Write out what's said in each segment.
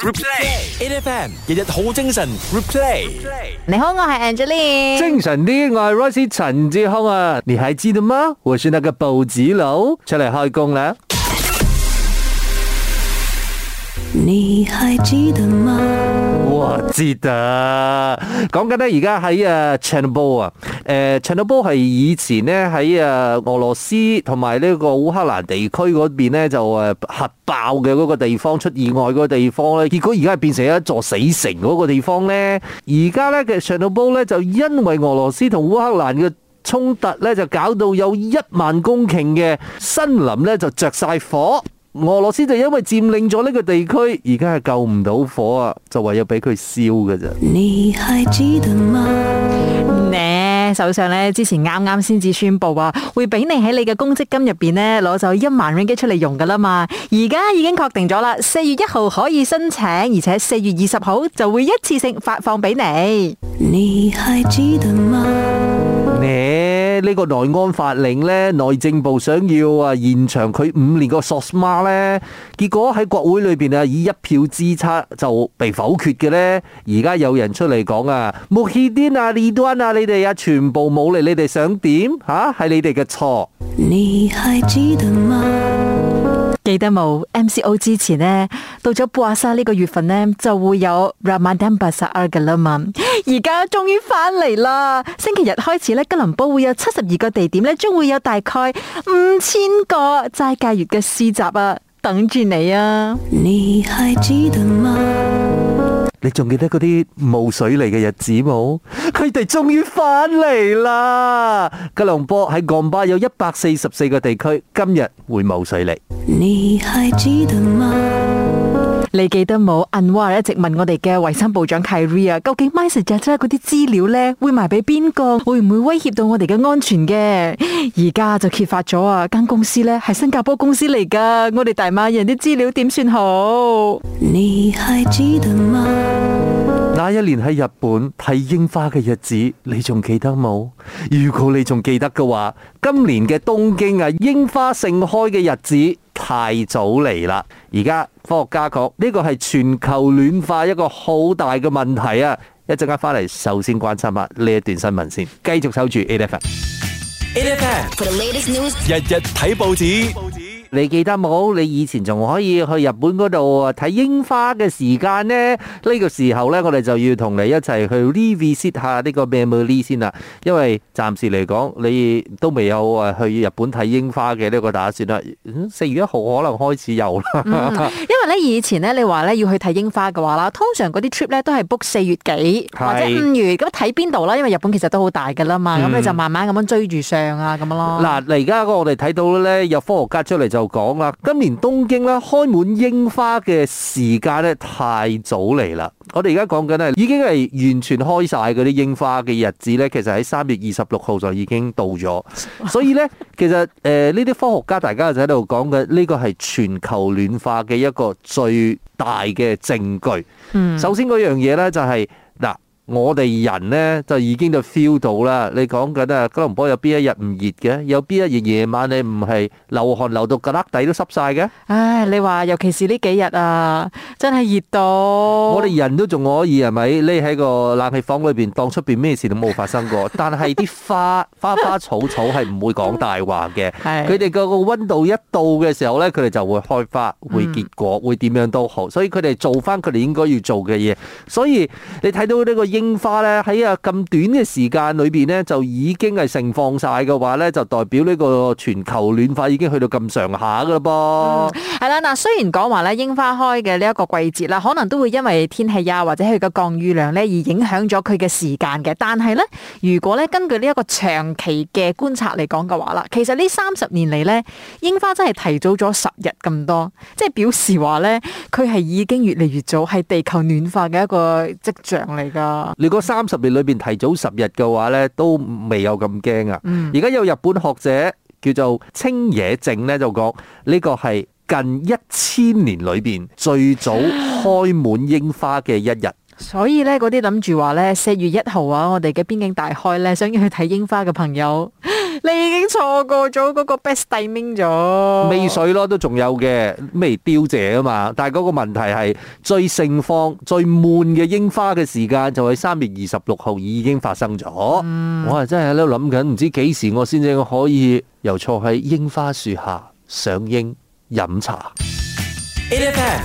Replay，8FM，日日好精神。Replay，你好，我係 Angeline。精神啲，我係 Rosie 陳志康啊！你還記得嗎？我是那個報紙佬，出嚟開工啦！你還記得嗎？我記得，講緊呢，而家喺 Chernobyl 啊，誒 Chernobyl 係以前呢，喺俄羅斯同埋呢個烏克蘭地區嗰邊呢，就誒核爆嘅嗰個地方出意外個地方咧，結果而家係變成一座死城嗰個地方呢。而家呢，其實 Chernobyl 呢，就因為俄羅斯同烏克蘭嘅衝突呢，就搞到有一萬公頃嘅森林呢，就着晒火。俄羅斯就因為佔領咗呢個地區，而家係救唔到火啊，就唯有俾佢燒嘅啫。你嗎首相呢，之前啱啱先至宣布啊，會俾你喺你嘅公積金入邊呢，攞走一萬令吉出嚟用噶啦嘛。而家已經確定咗啦，四月一號可以申請，而且四月二十號就會一次性發放俾你。你嗎。你呢個內安法令咧，內政部想要啊延長佢五年個 SOSMA 咧，結果喺國會裏邊啊以一票之差就被否決嘅呢，而家有人出嚟講啊，穆罕丁啊、李端啊，你哋啊全部冇嚟。你哋想點吓？係你哋嘅錯。記得冇 MCO 之前呢到咗布瓦沙呢個月份呢，就會有 Ramadan Bazaar 嘅啦嘛。而家終於翻嚟啦，星期日開始呢吉隆坡會有七十二個地點呢將會有大概五千個齋戒月嘅市集啊，等住你啊！你你仲記得嗰啲冇水嚟嘅日子冇？佢哋終於返嚟啦！吉隆坡喺剛巴有一百四十四個地區，今日會冇水嚟。你你記得冇？Anwar 一直問我哋嘅衛生部長 Kairia 究竟 MySejahtera 嗰啲資料呢，會賣俾邊個？會唔會威脅到我哋嘅安全嘅？而家就揭發咗啊！間公司呢係新加坡公司嚟噶，我哋大馬人啲資料點算好你知道？你還記得嗎？那一年喺日本睇櫻花嘅日子，你仲記得冇？如果你仲記得嘅話，今年嘅東京啊，櫻花盛開嘅日子。太早嚟啦！而家科學家講呢個係全球暖化一個好大嘅問題啊！一陣間翻嚟首先關心下呢一段新聞先，繼續守住 A F M。A F f a 日日睇報紙。你記得冇？你以前仲可以去日本嗰度睇櫻花嘅時間呢？呢、這個時候呢，我哋就要同你一齊去 visit 下呢個 memory 先啦。因為暫時嚟講，你都未有啊去日本睇櫻花嘅呢個打算啦。四月一號可能開始有啦，嗯。因為呢，以前呢，你話呢要去睇櫻花嘅話啦，通常嗰啲 trip 呢都係 book 四月幾或者五月。咁睇邊度啦？因為日本其實都好大噶啦嘛。咁你就慢慢咁樣追住上啊咁樣咯。嗱，嗯，嚟而家我哋睇到呢，有科學家出嚟就。就講啦，今年東京咧開滿櫻花嘅時間咧太早嚟啦。我哋而家講緊咧已經係完全開晒嗰啲櫻花嘅日子咧，其實喺三月二十六號就已經到咗。 所以咧，其實呢啲、呃、科學家大家就喺度講嘅呢個係全球暖化嘅一個最大嘅證據。嗯、首先嗰樣嘢咧就係、是、嗱。我哋人呢，就已經就 feel 到啦。你講緊啊，吉隆坡有邊一日唔熱嘅？有邊一日夜晚你唔係流汗流到腳底都濕晒嘅？唉，你話尤其是呢幾日啊，真係熱到！我哋人都仲可以係咪？匿喺個冷氣房裏面，當出面咩事都冇發生過。 但係啲花 花花草草係唔會講大話嘅。佢哋個個溫度一到嘅時候呢，佢哋就會開花、會結果、會點樣都好。嗯、所以佢哋做翻佢哋應該要做嘅嘢。所以你睇到呢、呢個櫻花咧，喺啊咁短嘅時間裏邊咧就已經係盛放晒嘅話咧，就代表呢個全球暖化已經去到咁上下噶啦噃。係、嗯、啦，嗱雖然講話咧櫻花開嘅呢一個季節啦，可能都會因為天氣啊或者佢嘅降雨量咧而影響咗佢嘅時間嘅。但係咧，如果咧根據呢一個長期嘅觀察嚟講嘅話啦，其實呢三十年嚟咧櫻花真係提早咗十日咁多，即係表示話咧佢係已經越嚟越早，係地球暖化嘅一個跡象嚟噶。你個三十年裏邊提早十日嘅話呢，都未有咁驚啊！而家有日本學者叫做青野正咧，就講呢個係近一千年裏邊最早開滿櫻花嘅一 日。所以呢，嗰啲諗住話呢，四月一號啊，我哋嘅邊境大開呢，想要去睇櫻花嘅朋友。你已經錯過咗嗰個 best day 咗，未水咯都仲有嘅，未凋謝啊嘛？但係嗰個問題係最盛況，最悶嘅櫻花嘅時間就係三月二十六號已經發生咗，嗯。我係真係喺度諗緊，唔知幾時我先至可以又坐喺櫻花樹下賞櫻飲茶。Japan,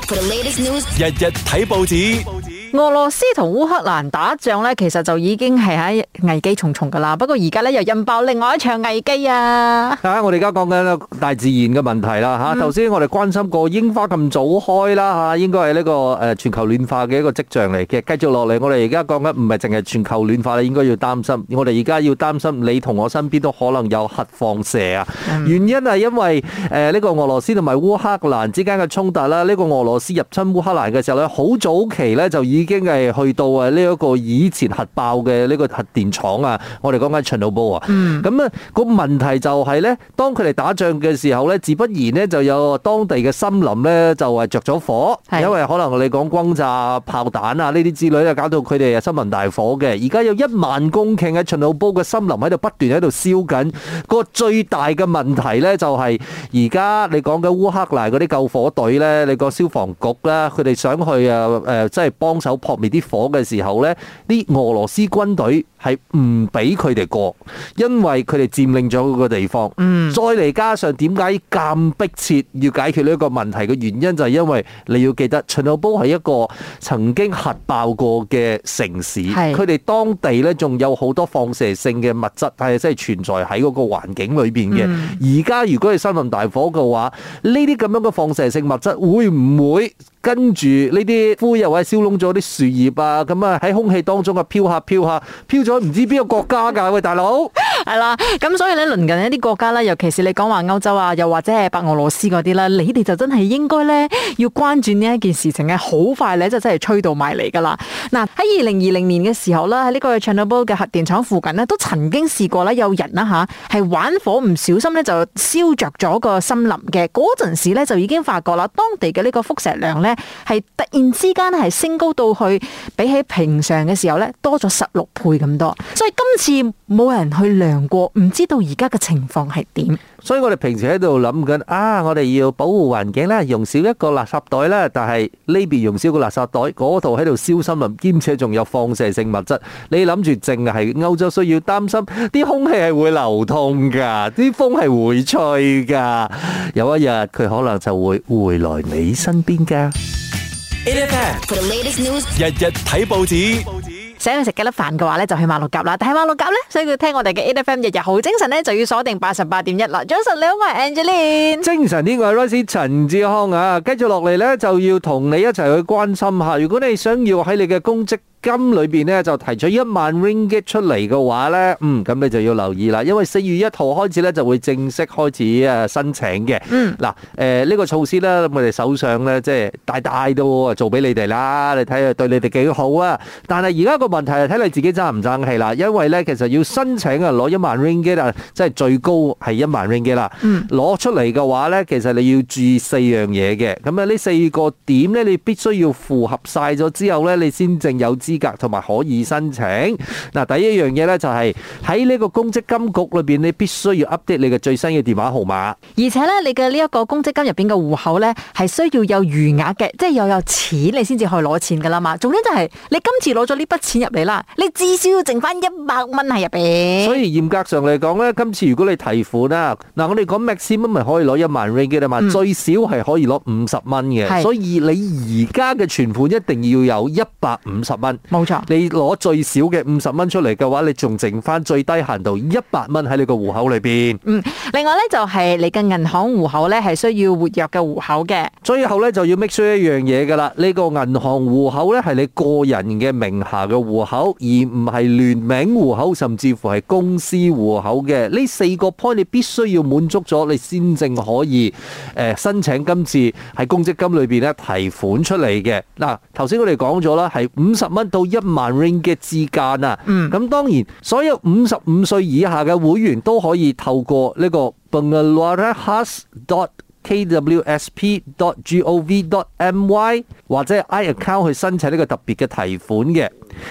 news, 日日睇報紙。日日俄羅斯同烏克蘭打仗呢，其實就已經係喺危機重重噶啦。不過而家呢，又引爆另外一場危機啊！吓、啊，我哋而家講緊大自然嘅問題啦，吓，頭先我哋關心過櫻花咁早開啦，吓、啊、應該係呢個誒、啊、全球暖化嘅一個跡象嚟嘅。繼續落嚟，我哋而家講緊唔係淨係全球暖化啦，應該要擔心。我哋而家要擔心，你同我身邊都可能有核放射啊、嗯！原因係因為誒呢、啊這個俄羅斯同埋烏克蘭之間嘅衝突啦。呢、啊這個俄羅斯入侵烏克蘭嘅時候咧，好早期咧就已經係去到啊呢一個以前核爆嘅呢個核電廠啊！我哋講緊切爾諾貝爾啊，咁、嗯、啊、嗰個問題就係、是、咧，當佢哋打仗嘅時候咧，自不然咧就有當地嘅森林咧就係着咗火，因為可能你講轟炸炮彈啊呢啲之類咧搞到佢哋森林大火嘅。而家有一萬公頃喺切爾諾貝爾嘅森林喺度不斷喺度燒緊。嗰個最大嘅問題咧就係而家你講緊烏克蘭嗰啲救火隊咧，你、嗰個消防局咧，佢哋想去啊誒，即、呃、係幫手撲滅啲火嘅時候呢，啲俄羅斯軍隊係唔俾佢哋過，因為佢哋佔領咗嗰個地方。嗯，再嚟加上點解咁迫切要解決呢一個問題嘅原因，就係因為你要記得，秦油波係一個曾經核爆過嘅城市，佢哋當地呢，仲有好多放射性嘅物質係真係存在喺嗰個環境裏邊嘅。而、嗯、家如果係森林大火嘅話，呢啲咁樣嘅放射性物質會唔會？跟住呢啲灰又喺燒窿咗啲樹葉啊，咁啊喺空氣當中啊飄下飄下，飄咗唔知邊個國家㗎喂，大佬係啦，咁所以咧，鄰近一啲國家咧，尤其是你講話歐洲啊，又或者係白俄羅斯嗰啲啦，你哋就真係應該咧要關注呢一件事情咧，好快咧就真係吹到埋嚟噶啦。嗱，喺二零二零年嘅時候啦，喺呢個 Chernobyl 嘅核電廠附近咧，都曾經試過啦，有人啦吓係玩火唔小心咧，就燒着咗個森林嘅陣時咧，就已經發覺啦，當地嘅呢個輻射量咧。係突然之間係升高到去，比起平常嘅時候咧，多咗十六倍咁多。所以今次冇人去量過，唔知道而家嘅情況係點。所以我哋平時喺度諗緊啊，我哋要保護環境啦，用少一個垃圾袋啦。但係呢邊用少個垃圾袋，嗰度喺度燒森林，兼且仲有放射性物質。你諗住淨係歐洲需要擔心？啲空氣係會流通㗎，啲風係會吹㗎。有一日佢可能就會回來你身邊㗎。日日睇報紙。想食雞粒飯嘅話咧，就去馬六甲啦。但係馬六甲咧，所以佢聽我哋嘅 A F M，日日好精神咧，就要鎖定八十八點一啦。早晨你好，我係 Angeline。精神呢我係 Rice 陳志康啊。跟住落嚟咧，就要同你一齊去關心一下。如果你想要喺你嘅公職。金裏面咧就提取一萬 ringgit 出嚟嘅話咧，嗯，咁你就要留意啦，因為四月一號開始咧就會正式開始申請嘅。嗯，嗱、呃，呢、呢個措施咧，我哋手上咧即係大大都做俾你哋啦，你睇下對你哋幾好啊！但係而家個問題係睇你自己爭唔爭氣啦，因為咧其實要申請啊攞一萬 ringgit 啊，即係最高係一萬 ringgit 啦。嗯，攞出嚟嘅話咧，其實你要注意四樣嘢嘅，咁啊呢四個點咧，你必須要符合晒咗之後咧，你先正有資格同埋可以申請嗱，第一樣嘢咧就係喺呢個公積金局裏邊，你必須要 update 你嘅最新嘅電話號碼，而且咧你嘅呢一個公積金入邊嘅戶口咧係需要有餘額嘅，即係又有錢你先至可以攞錢噶啦嘛。總之就係、是、你今次攞咗呢筆錢入嚟啦，你至少要剩翻一百蚊喺入邊。所以嚴格上嚟講咧，今次如果你提款啊，嗱我哋講 maximum 咪可以攞一萬 ringgit，嗯、啊嘛，最少係可以攞五十蚊嘅，所以你而家嘅存款一定要有一百五十蚊。冇錯，你攞最少嘅五十蚊出嚟嘅話，你仲剩翻最低限度一百蚊喺你個戶口裏邊。嗯，另外呢，就係你嘅銀行戶口呢係需要活躍嘅戶口嘅。最後呢，就要 make sure 一樣嘢噶啦，呢個銀行戶口呢係你個人嘅名下嘅戶口，而唔係聯名戶口，甚至乎係公司戶口嘅。呢四個 point 你必須要滿足咗，你先正可以申請今次喺公積金裏邊咧提款出嚟嘅。嗱，頭先我哋講咗啦，係五十蚊。到一萬 ringgit 嘅之間啊！咁當然，所有五十五歲以下嘅會員都可以透過呢個 bangalorehous.kwsp.gov.my 或者 iaccount 去申請呢個特別嘅提款嘅。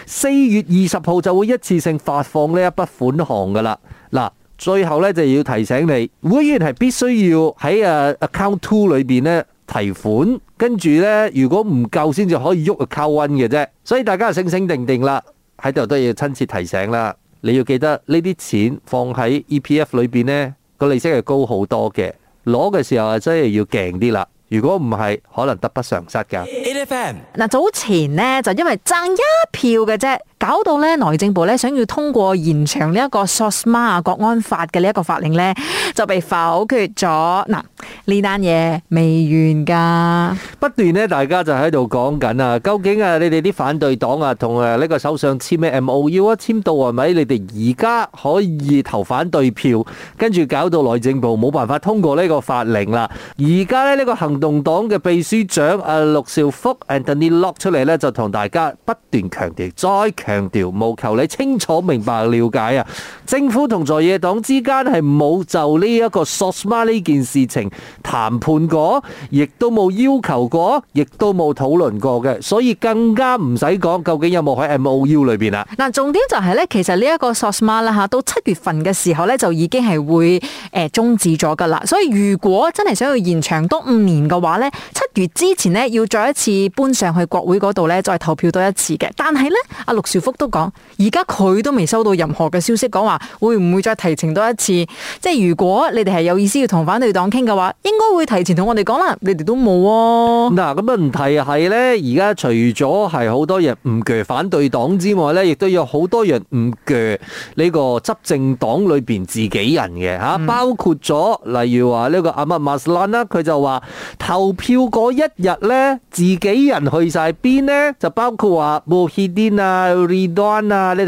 四月二十號就會一次性發放呢一筆款項嘅啦。嗱，最後咧就要提醒你，會員係必須要喺 account two 裏邊咧。提款跟住呢，如果唔夠先至可以喐去扣溫嘅啫。所以大家就醒醒定定啦，喺度都要親切提醒啦。你要記得呢啲錢放喺 EPF 裏邊呢，個利息係高好多嘅。攞嘅時候啊，真係要勁啲啦。如果唔係，可能得不償失噶。8FM 嗱，早前呢就因為爭一票嘅啫。搞到咧內政部咧想要通過延長呢一個《SOSMA 國安法》嘅呢一個法令咧，就被否決咗。嗱呢單嘢未完㗎，不斷咧大家就喺度講緊啊，究竟啊你哋啲反對黨啊同誒呢個首相簽咩 MOU 啊，簽到係咪？你哋而家可以投反對票，跟住搞到內政部冇辦法通過呢個法令啦。而家咧呢個行動黨嘅秘書長阿陸兆福 Anthony Locke 出嚟咧，就同大家不斷強調，再強。強調，務求你清楚明白了解啊！政府同在野黨之間係冇就呢一個 SOSMA 呢件事情談判過，亦都冇要求過，亦都冇討論過嘅，所以更加唔使講究竟有冇喺 MOU 裏邊啦。嗱，重點就係咧，其實呢一個 SOSMA 啦吓，到七月份嘅時候咧就已經係會誒終止咗噶啦。所以如果真係想要延長多五年嘅話咧，七月之前咧要再一次搬上去國會嗰度咧再投票多一次嘅。但係咧，阿陸。福都講，而家佢都未收到任何嘅消息，講話會唔會再提前多一次。即係如果你哋係有意思要同反對黨傾嘅話，應該會提前同我哋講啦。你哋都冇喎、啊。嗱，咁問題係呢，而家除咗係好多人唔鋸反對黨之外呢，亦都有好多人唔鋸呢個執政黨裏邊自己人嘅吓、嗯，包括咗例如話呢個阿馬馬斯蘭啦，佢就話投票嗰一日呢，自己人去晒邊呢？就包括話穆歇丁啊。r 啊！你哋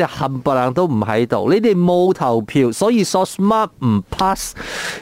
冚唪唥都唔喺度，你哋冇投票，所以 so smart 唔 pass。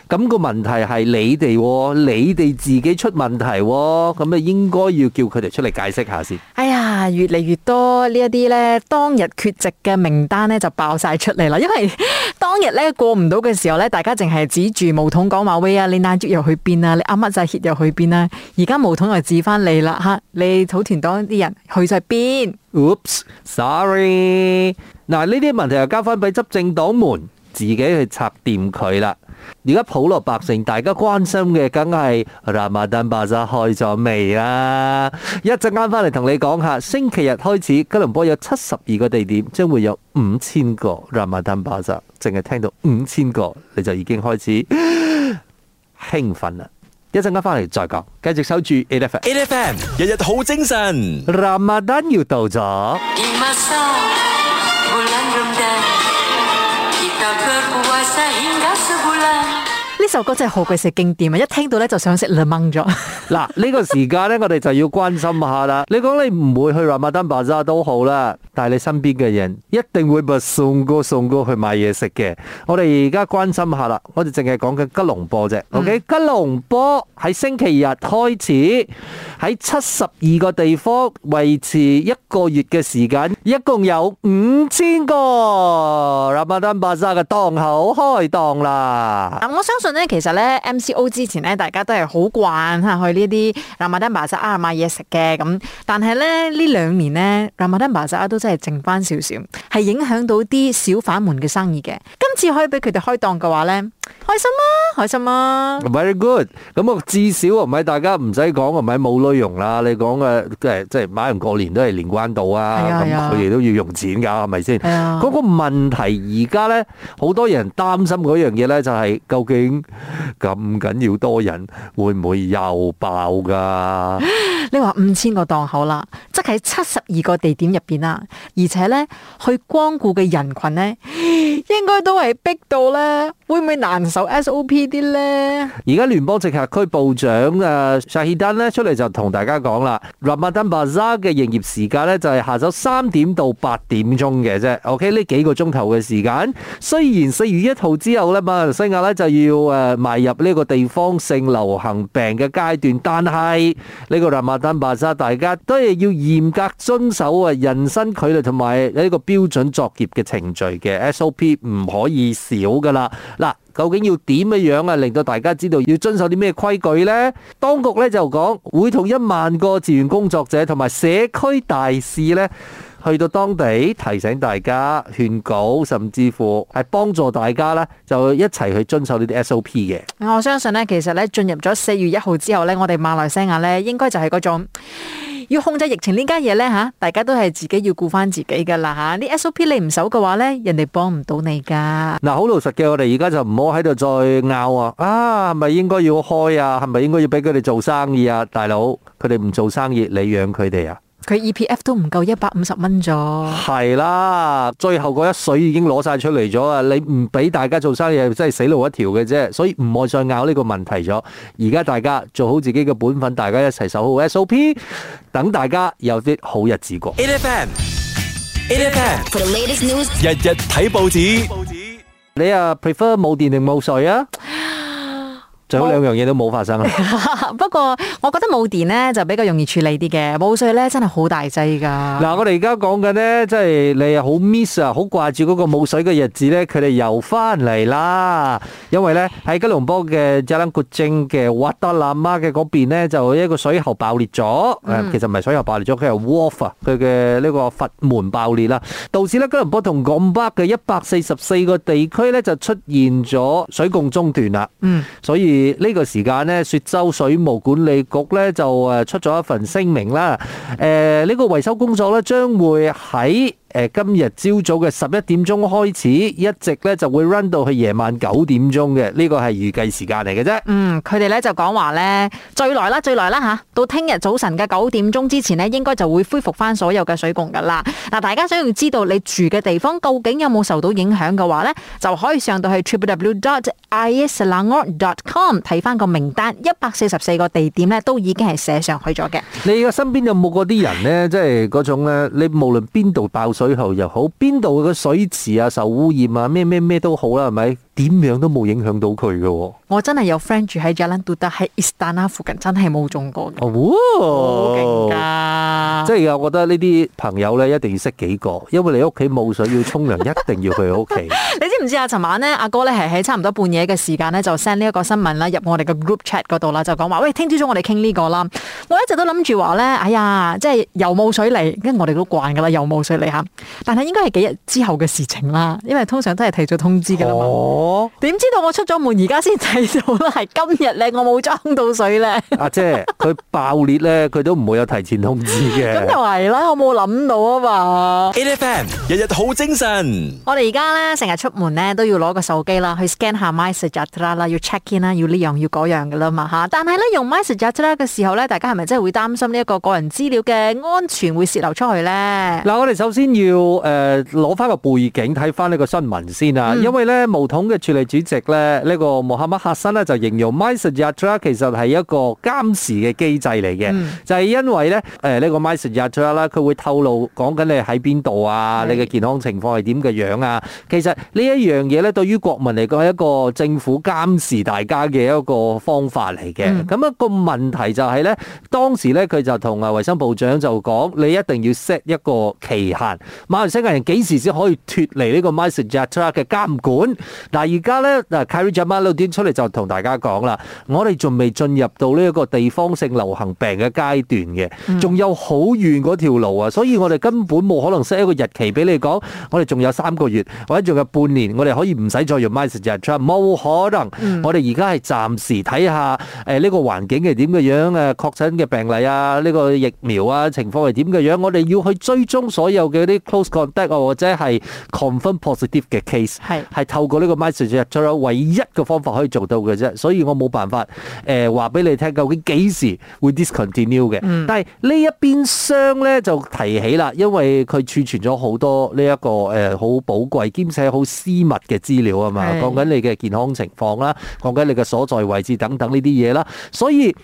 咁個問題係你哋，你哋自己出問題，咁咪應該要叫佢哋出嚟解釋下先。哎呀，越嚟越多呢一啲咧，當日缺席嘅名單咧就爆晒出嚟啦。因為當日咧過唔到嘅時候咧，大家淨係指住巫統講，話威啊，你奶珠又去邊啊，你阿乜仔血又去邊啊？而家巫統又指翻你啦吓，你土團黨啲人去晒邊？Oops, sorry。嗱，呢啲問題又交翻俾執政黨門自己去拆掂佢啦。而家普羅百姓大家關心嘅，梗係 Ramadan Bazaar 開咗未啊？一陣間翻嚟同你講下，星期日開始，吉隆坡有七十二個地點將會有五千個 Ramadan Bazaar，淨係聽到五千個你就已經開始 興奮啦。一陣間翻嚟再講，繼續守住 A F M，A F M 日日好精神。Ramadan 要到咗。呢首歌真係好鬼死經典啊！一聽到咧就想食檸檬咗。嗱，呢個時間咧，我哋就要關心下啦。你講你唔會去拉馬登巴沙都好啦，但係你身邊嘅人一定會唔送過送過去買嘢食嘅。我哋而家關心下啦，我哋淨係講緊吉隆坡啫。OK，吉隆坡喺星期日開始喺七十二個地方維持一個月嘅時間，一共有五千個拉馬登巴沙嘅檔口開檔啦。嗱，我相信。咧，其實咧 MCO 之前咧，大家都係好慣吓去呢啲 Ramadan Bazaar，啊買嘢食嘅咁。但係咧呢兩年咧，Ramadan Bazaar 都真係剩翻少少，係影響到啲小販們嘅生意嘅。今次可以俾佢哋開檔嘅話咧，開心啊，開心啊，very good。咁啊，至少唔係大家唔使講，唔係冇內容啦。你講嘅，即係即係買完過年都係年關到啊，咁佢哋都要用錢㗎，係咪先？嗰個問題而家咧，好多人擔心嗰樣嘢咧，就係究竟。咁緊要多人，會唔會又爆噶？你話五千個檔口啦，即係七十二個地點入邊啦，而且咧去光顧嘅人群咧，應該都係逼到咧，會唔會難受 SOP 啲咧？而家聯邦直轄區部長啊，薩希丹咧出嚟就同大家講啦，Ramadan Bazaar 嘅營業時間咧就係、是、下晝三點到八點鐘嘅啫。OK，呢幾個鐘頭嘅時間，雖然四月一號之後咧馬來西亞咧就要誒邁、啊、入呢個地方性流行病嘅階段，但係呢、這個 Ramadan 單白沙，大家都係要嚴格遵守啊，人身距離同埋呢個標準作業嘅程序嘅 SOP 唔可以少噶啦。嗱，究竟要點嘅樣啊，令到大家知道要遵守啲咩規矩呢？當局咧就講會同一萬個志願工作者同埋社區大使咧。去到當地提醒大家、勸告，甚至乎係幫助大家呢，就一齊去遵守呢啲 SOP 嘅。我相信呢，其實呢進入咗四月一號之後呢，我哋馬來西亞呢應該就係嗰種要控制疫情呢間嘢呢嚇，大家都係自己要顧返自己噶啦嚇。啲 SOP 你唔守嘅話呢，人哋幫唔到你噶。嗱，好老實嘅，我哋而家就唔好喺度再拗啊！啊，係咪應該要開啊？係咪應該要俾佢哋做生意啊？大佬，佢哋唔做生意，你養佢哋啊？佢 EPF 都唔夠一百五十蚊咗，係啦，最後嗰一水已經攞晒出嚟咗啊！你唔俾大家做生意，真係死路一條嘅啫，所以唔好再拗呢個問題咗。而家大家做好自己嘅本分，大家一齊守好 SOP，等大家有啲好日子過。Eight FM，Eight FM，for the latest news，日日睇報紙，報紙，你啊 prefer 冇電定冇水啊？兩樣嘢都冇發生啊 不過我覺得冇電呢就比較容易處理啲嘅，冇水呢真係好大劑㗎。嗱，我哋而家講緊呢，即係你好 miss 啊，好掛住嗰個冇水嘅日子呢，佢哋又翻嚟啦。因為呢，喺吉隆坡嘅 j a l 正嘅 w 德 d 媽嘅嗰邊呢，就一個水喉爆裂咗，嗯。其實唔係水喉爆裂咗，佢係 wall 佢嘅呢個佛門爆裂啦。導致呢，吉隆坡同港北嘅一百四十四個地區呢，就出現咗水共中斷啦。嗯，所以。呢、這個時間呢，雪州水務管理局呢就誒出咗一份聲明啦。誒、呃，呢、這個維修工作呢，將會喺。誒今日朝早嘅十一點鐘開始，一直咧就會 run 到去夜晚九點鐘嘅，呢個係預計時間嚟嘅啫。嗯，佢哋咧就講話咧，最耐啦，最耐啦吓，到聽日早晨嘅九點鐘之前呢，應該就會恢復翻所有嘅水供噶啦。嗱，大家想要知道你住嘅地方究竟有冇受到影響嘅話咧，就可以上到去 www.islangor.com 睇翻個名單，一百四十四個地點咧都已經係寫上去咗嘅。你嘅身邊有冇嗰啲人咧？即係嗰種咧，你無論邊度爆水。水喉又好，邊度嘅水池啊，受污染啊，咩咩咩都好啦，係咪？點樣都冇影響到佢嘅。哦，我真係有 friend 住喺 j a l a n d u 但喺 i s t a n a 附近真係冇中過嘅。哦，好勁噶！即係我覺得呢啲朋友咧，一定要識幾個，因為你屋企冇水要沖涼， 一定要去屋企。 你知唔知啊？尋晚咧，阿哥咧係喺差唔多半夜嘅時間咧，就 send 呢一個新聞啦入我哋嘅 group chat 嗰度啦，就講話喂，聽朝早我哋傾呢個啦。我一直都諗住話咧，哎呀，即係又冇水嚟，咁我哋都慣噶啦，又冇水嚟吓。但係應該係幾日之後嘅事情啦，因為通常都係提早通知噶啦。哦我點知道我出咗門，而家先睇到啦？係今日咧，我冇裝到水咧 阿姐，佢爆裂咧，佢都唔會有提前通知嘅。咁又係啦，我冇諗到啊嘛。A F M 日日好精神。我哋而家咧成日出門咧都要攞個手機啦，去 scan 下 MySejahtera 啦，要 check in 啦，要呢樣要嗰樣噶啦嘛吓。但係咧用 MySejahtera 嘅時候咧，大家係咪真係會擔心呢一個個人資料嘅安全會泄露出去咧？嗱，我哋首先要誒攞翻個背景睇翻呢個新聞先啊，因為咧無桶處理主席咧，呢、這個穆罕默克申咧就形容 MySejahtera 其實係一個監視嘅機制嚟嘅、嗯，就係、是、因為咧誒呢個 MySejahtera 啦，佢會透露講緊你喺邊度啊，你嘅健康情況係點嘅樣啊。其實呢一樣嘢咧，對於國民嚟講係一個政府監視大家嘅一個方法嚟嘅。咁、嗯、一、那個問題就係、是、咧，當時咧佢就同啊衞生部長就講，你一定要 set 一個期限，馬來西亞人幾時先可以脫離呢個 MySejahtera 嘅監管嗱。而家咧嗱 Khairy Jamaluddin 出嚟就同大家講啦，我哋仲未進入到呢一個地方性流行病嘅階段嘅，仲有好遠條路啊，所以我哋根本冇可能 set 一個日期俾你講。我哋仲有三個月或者仲有半年，我哋可以唔使再用 mask 出嚟，冇可能我們現在是看看是。我哋而家係暫時睇下，誒呢個環境係點嘅樣誒，確診嘅病例啊，呢個疫苗啊情況係點嘅樣。我哋要去追蹤所有嘅啲 close contact 啊或者係 confirm positive 嘅 case，係透過呢個。m 實在仲有唯一嘅方法可以做到嘅啫，所以我冇辦法誒話俾你聽究竟幾時會 discontinue 嘅、嗯。但係呢一邊箱咧就提起啦，因為佢儲存咗好多呢、這、一個誒好、呃、寶貴兼且好私密嘅資料啊嘛，講緊你嘅健康情況啦，講緊你嘅所在位置等等呢啲嘢啦，所以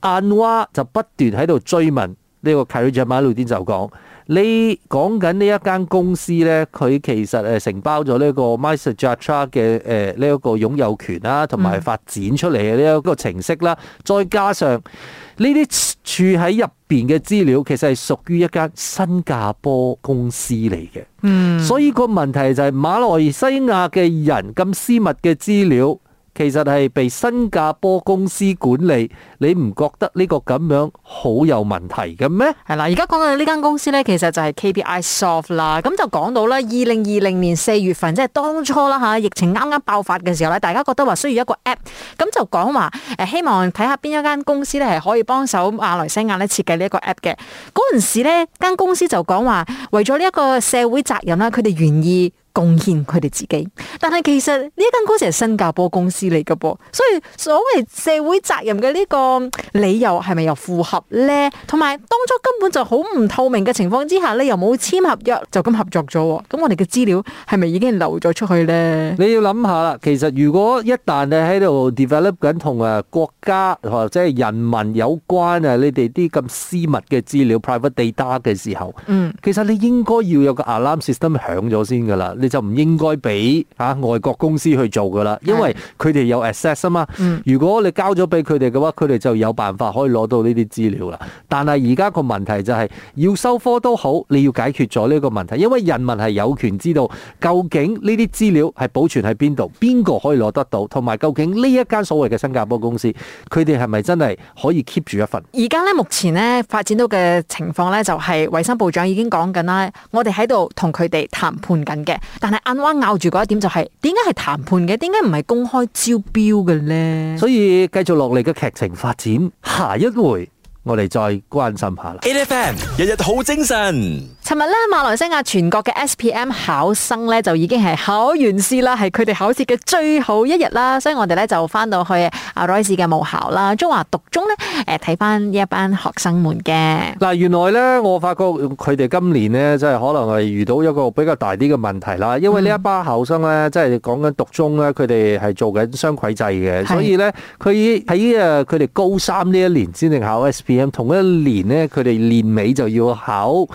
安華就不斷喺度追問呢個 Khairy Jamaluddin 就講。你講緊呢一間公司呢，佢其實承包咗呢個個 MySejahtera 嘅呢一個擁有權啦，同埋發展出嚟嘅呢一個程式啦。嗯，再加上呢啲儲喺入面嘅資料，其實係屬於一間新加坡公司嚟嘅。嗯，所以個問題就係馬來西亞嘅人咁私密嘅資料。其實係被新加坡公司管理，你唔覺得呢個咁樣好有問題嘅咩？係啦，而家講到呢間公司呢，其實就係 KPI Soft 啦。咁就講到啦，二零二零年四月份，即係當初啦吓，疫情啱啱爆發嘅時候咧，大家覺得話需要一個 app，咁就講話誒，希望睇下邊一間公司咧係可以幫手馬來西亞咧設計呢一個 app 嘅。嗰陣時咧，呢間公司就講話為咗呢一個社會責任啦，佢哋願意。貢獻佢哋自己，但係其實呢間公司係新加坡公司嚟噶噃，所以所謂社會責任嘅呢個理由係咪又符合咧？同埋當初根本就好唔透明嘅情況之下，你又冇簽合約就咁合作咗，咁我哋嘅資料係咪已經流咗出去咧？你要諗下啦，其實如果一旦你喺度 develop 緊同誒國家或者係人民有關啊，你哋啲咁私密嘅資料 （private data） 嘅時候，嗯，其實你應該要有個 alarm system 響咗先噶啦。就唔應該俾啊外國公司去做噶啦，因為佢哋有 access 啊嘛。如果你交咗俾佢哋嘅話，嗯、佢哋就有辦法可以攞到呢啲資料啦。但係而家個問題就係、是、要收科都好，你要解決咗呢個問題，因為人民係有權知道究竟呢啲資料係保存喺邊度，邊個可以攞得到，同埋究竟呢一間所謂嘅新加坡公司，佢哋係咪真係可以 keep 住一份？而家咧，目前咧發展到嘅情況咧，就係衞生部長已經講緊啦，我哋喺度同佢哋談判緊嘅。但係阿彎咬住嗰一點就係、是，點解係談判嘅？點解唔係公開招標嘅咧？所以繼續落嚟嘅劇情發展，下一回我哋再關心下啦。A F M 日日好精神。尋日咧，馬來西亞全國嘅 S P M 考生咧就已經係考完試啦，係佢哋考試嘅最後一日啦。所以我哋咧就返到去阿羅士嘅母校啦，中華讀中咧，誒睇返呢一班學生們嘅嗱。原來咧，我發覺佢哋今年呢，真係可能係遇到一個比較大啲嘅問題啦，因為呢一班考生咧、嗯，即係講緊讀中咧，佢哋係做緊雙軌制嘅，所以咧佢喺啊佢哋高三呢一年先至考 S P M，同一年呢，佢哋年尾就要考誒。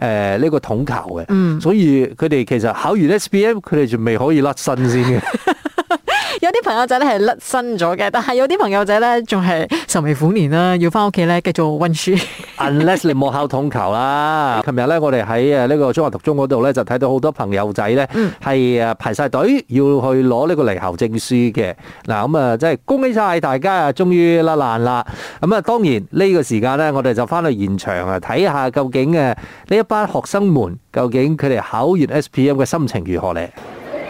呃誒，呢個統考嘅，所以佢哋其實考完 SPM，佢哋仲未可以甩身先嘅。 有啲朋友仔咧係甩身咗嘅，但係有啲朋友仔咧仲係愁眉苦臉啦，要翻屋企咧繼續溫書。Unless 你冇考統考啦，琴日咧我哋喺啊呢個中華獨中嗰度咧就睇到好多朋友仔咧係啊排晒隊要去攞呢個離校證書嘅。嗱，咁啊即係恭喜晒大家啊，終於甩爛啦。咁啊，當然呢個時間咧，我哋就翻去現場啊睇下究竟啊呢一班學生們究竟佢哋考完 SPM 嘅心情如何咧。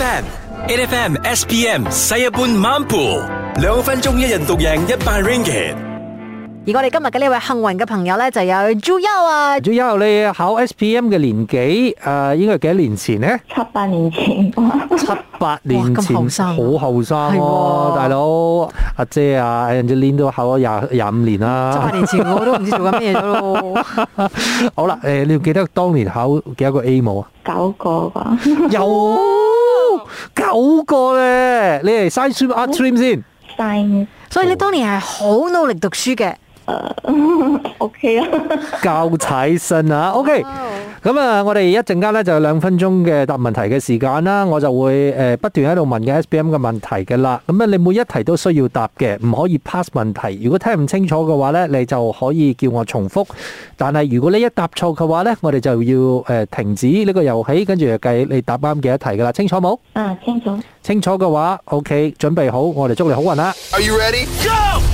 F M、A F M、S P M，使一半萬步，兩分鐘一人獨贏一百 ringgit。而我哋今日嘅呢一位幸運嘅朋友咧，就有朱優啊。朱優，你考 S P M 嘅年紀誒，應該係幾多年前咧？七八年前，七八年前，好後生，係喎，大佬阿姐啊，人哋練到考咗廿廿五年啦。七八年前我都唔知做緊咩嘢。好啦，誒，你要記得當年考幾多個 A 冇啊？九個啩？有。九個咧，你係 science stream 啊 art stream 先？所以你當年係好努力讀書嘅。誒，OK 啦，夠體身啊！OK，咁啊，我哋一陣間咧就有兩分鐘嘅答問題嘅時間啦，我就會誒不斷喺度問嘅 SPM 嘅問題嘅啦。咁啊，你每一題都需要答嘅，唔可以 pass 問題。如果聽唔清楚嘅話咧，你就可以叫我重複。但係如果你一答錯嘅話咧，我哋就要誒停止呢個遊戲，跟住就計你答啱幾多題噶啦。清楚冇？嗯，清楚。清楚嘅話，OK，準備好，我哋祝你好運啦。Are you ready? Go!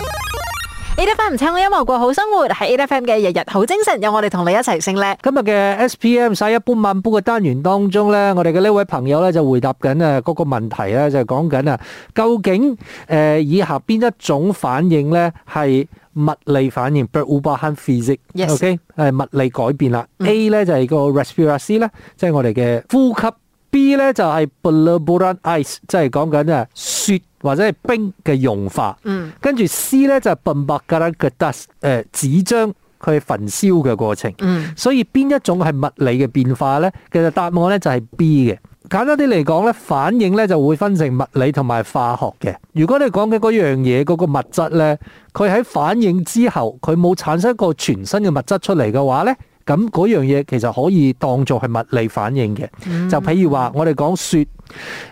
A F M 唔請我音樂過好生活，喺 A F M 嘅日日好精神，有我哋同你一齊勝利。今日嘅 S P M 晒一般萬般嘅單元當中咧，我哋嘅呢位朋友咧就回答緊啊嗰個問題咧，就係講緊啊究竟誒以下邊一種反應咧係物理反應？Perubahan fizik？Okay，係物理改變啦。A 咧就係個 respirasi 咧，即係我哋嘅呼吸。B 咧就係 peleburan ais，即係講緊啊雪或者係冰嘅融化。嗯，跟住 C 咧就係 pembakaran kertas，誒紙張佢係焚燒嘅過程。嗯，所以邊一種係物理嘅變化咧？其實答案咧就係 B 嘅。簡單啲嚟講咧，反應咧就會分成物理同埋化學嘅。如果你講緊嗰樣嘢嗰、個物質咧，佢喺反應之後佢冇產生個全新嘅物質出嚟嘅話咧。咁嗰樣嘢其實可以當作係物理反應嘅，就譬如話我哋講雪，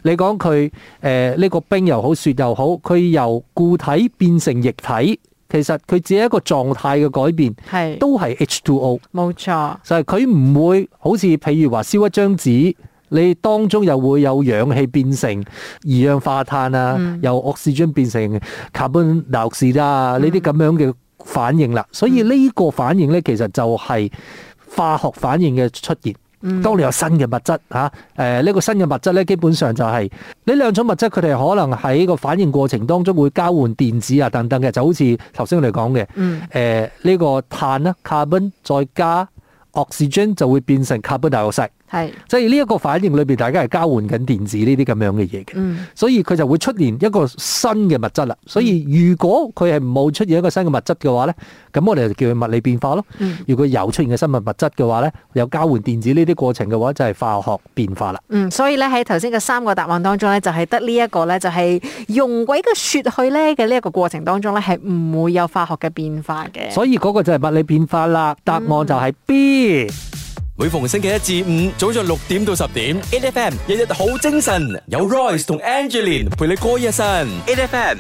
你講佢呢、呃呢個冰又好雪又好，佢由固體變成液體，其實佢只係一個狀態嘅改變都係 H2O，係，都係 H2O，冇錯，就係佢唔會好似譬如話燒一張紙，你當中又會有氧氣變成二氧化碳啊、嗯，由 Oxygen 變成 carbon dioxide 啦，呢啲咁樣嘅反應啦。所以呢個反應呢，其實就係、係。化學反應嘅出現，當你有新嘅物質嚇，呢、啊啊啊啊啊這個新嘅物質咧，基本上就係呢兩種物質，佢哋可能喺個反應過程當中會交換電子啊等等嘅，就好似頭先我哋講嘅，誒、嗯、呢、啊這個碳啦 carbon 再加 oxygen 就會變成 carbon 係，所以呢一個反應裏邊，大家係交換緊電子呢啲咁樣嘅嘢嘅，所以佢就會出現一個新嘅物質啦。所以如果佢係冇出現一個新嘅物質嘅話呢，咁我哋就叫佢物理變化咯。嗯、如果有出現嘅新物物質嘅話呢，有交換電子呢啲過程嘅話，就係、是、化學變化啦。嗯，所以呢，喺頭先嘅三個答案當中呢，就係得呢一個呢，就係用鬼嘅雪去呢嘅呢一個過程當中呢，係唔會有化學嘅變化嘅。所以嗰個就係物理變化啦，答案就係 B。嗯每逢星期一至五，早上六點到十點，N F M 日日好精神，有 Royce 同 Angeline 陪你過一晨，N F M。